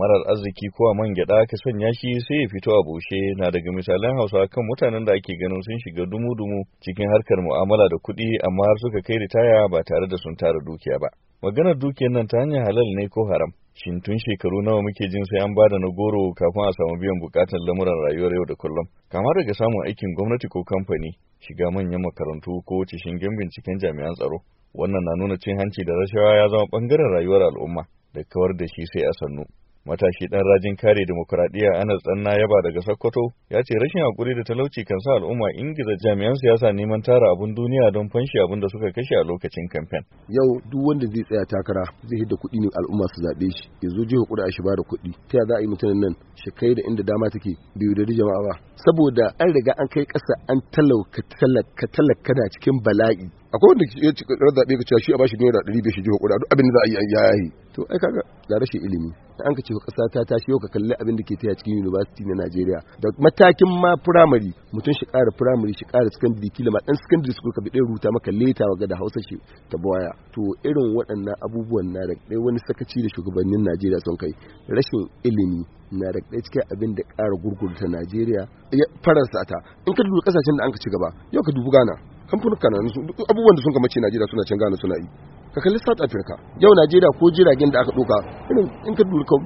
marar arziki ko a man gyada ka sanya shi sai ya fito a bushe na daga misalan hausa kan mutanen da ake ganin sun shiga dumu-dumu cikin harkar mu'amala da kuɗi amma har suka kai ritaya ba tare da sun tara dukiya ba maganar dukiyar nan ta hanyar halal ne ko haram shin tun shekaru nawa muke jin sai an bada na goro kafin a samu biyan bukatar lamuran rayuwar yau da kullum kama daga samun aikin gwamnati ko kamfani shiga manyan makarantu ko wace shingen binciken jami'an tsaro wannan na nuna cin hanci da rashawa ya zama bangaren rayuwar al'umma da kawar da shi sai a sannu matashi ɗan rajin kare demokuraɗiyya Anas Tsanna Yaba daga Sokoto ya ce rashin hakuri da talauci kan sa al'umma ingiza jami'an siyasa neman tara abun duniya don fanshi abun da suka kashe a lokacin kamfen. Yau duk wanda zai tsaya takara zai hidda kuɗi ne al'umma su zaɓe shi ya zo jiho kuɗi a shi bada kuɗi ta za a yi mutanen nan shi kai da inda dama take bai da jama'a ba saboda an riga an kai ƙasa an talauka talaka talaka cikin bala'i akwai wanda ya ci kadar zabe ka cewa shi a bashi naira bai shi jiwa kuɗa duk abin da za a yi ya yi to ai kaga da rashin ilimi an ka ce kasa ta tashi yau ka kalli abin da ke taya cikin university na Najeriya da matakin ma primary mutum shi ƙara primary shi ƙara secondary kila ma dan secondary school ka bi Ruta, maka leta waga da Hausa shi ta baya to irin waɗannan abubuwan na da wani sakaci da shugabannin Najeriya sun kai rashin ilimi na da ɗaya cikin abin da ƙara gurgurta Najeriya faransa ta in ka dubi ƙasashen da an ka ci gaba yau ka dubi Ghana kamfanin kanan abubuwan da sun kamace najeriya suna can gane suna yi ka kalli south africa yau najeriya ko jiragen da aka doka irin in ka duka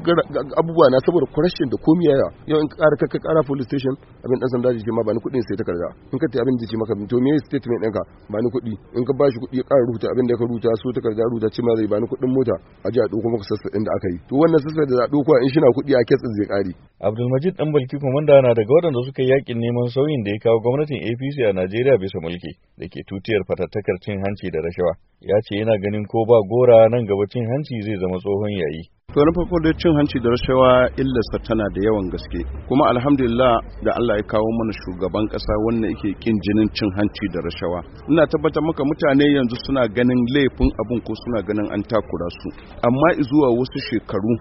abubuwa na saboda corruption da komi yaya yau in ka kara kara police station abin dan sanda jiji ma ba ni kudi sai ta karga in ka tayi abin jiji maka to me statement ɗinka ba ni kuɗi in ka bashi kuɗi ya kara rubuta abin da ka rubuta so ta karga rubuta ce ma zai ba ni kuɗin mota a ji a doko maka sassa ɗin da aka yi to wannan sassa da za a doko in shi na kuɗi a kesa zai kare Abdulmajid dan Balki komanda na daga waɗanda suka yakin neman sauyin da ya kawo gwamnatin APC a Najeriya bisa mulki da ke tutiyar fatattakar cin hanci da rashawa ya ce yana ganin ganin ko ba gora nan gaba cin hanci zai zama tsohon yayi to na farko dai cin hanci da rashawa illarsa tana da yawan gaske kuma alhamdulillah da Allah ya kawo mana shugaban kasa wanda yake kin jinin cin hanci da rashawa ina tabbatar maka mutane yanzu suna ganin laifin abun ko suna ganin an takura su amma zuwa wasu shekaru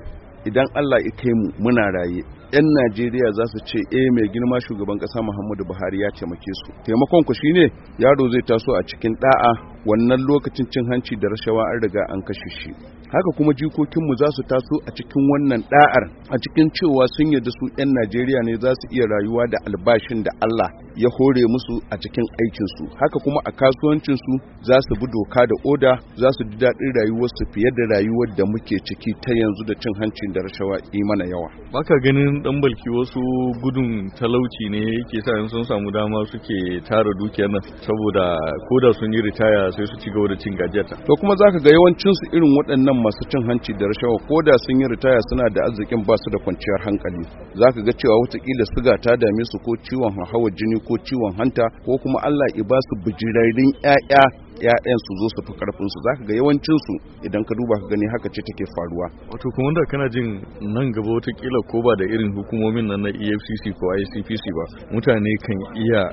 idan Allah ya kai mu muna raye yan Najeriya za su ce eh mai girma shugaban kasa Muhammadu Buhari ya taimake su taimakon ku shine yaro zai taso a cikin da'a wannan lokacin cin hanci da rashawa an riga an kashe shi haka kuma jikokinmu za su taso a cikin wannan da'ar a cikin cewa sun yarda su 'yan najeriya ne za su iya rayuwa da albashin da allah ya hore musu a cikin aikinsu haka kuma a kasuwancinsu za su bi doka da oda za su ji daɗin rayuwarsu fiye da rayuwar da muke ciki ta yanzu da cin hanci da rashawa mana yawa baka ganin dan balki wasu gudun talauci ne yake sa sun samu dama suke tara dukiyar nan saboda koda sun yi ritaya sai su ci gaba da cin gajiyarta to kuma zaka ga yawancin su irin waɗannan masu cin hanci da rashawa ko da sun yi ritaya suna da arzikin ba su da kwanciyar hankali zaka ga cewa watakila siga ta dame su ko ciwon hawa jini ko ciwon hanta ko kuma Allah ya ba su bijirarin ƴaƴa ƴaƴan su zo su fi karfin su zaka ga yawancin su idan ka duba ka gani haka ce take faruwa wato kuma da kana jin nan gaba watakila ko ba da irin hukumomin nan na EFCC ko ICPC ba mutane kan iya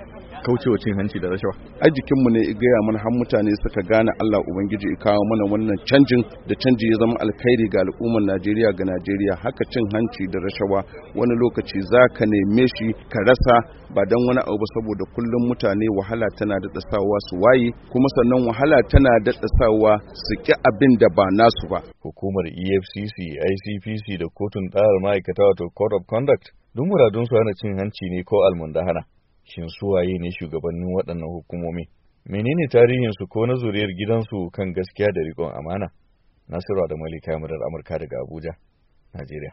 kaucewa cin hanci da rashawa ai jikinmu ne gaya mana har mutane suka gane Allah ubangiji ya kawo mana wannan canjin da canji ya zama alkhairi ga al'ummar Najeriya ga Najeriya haka cin hanci da rashawa wani lokaci zaka neme shi ka rasa ba dan wani abu ba saboda kullum mutane wahala tana da tsasawa su waye kuma sannan wahala tana da tsasawa su ki abin da ba nasu ba hukumar EFCC ICPC da kotun tsara ma'aikata wato Code of Conduct duk muradun su hana cin hanci ne ko almundahana shin su waye ne shugabannin waɗannan hukumomi menene tarihinsu ko na zuriyar gidansu kan gaskiya da riƙon amana nasiru da malika murar amurka daga abuja najeriya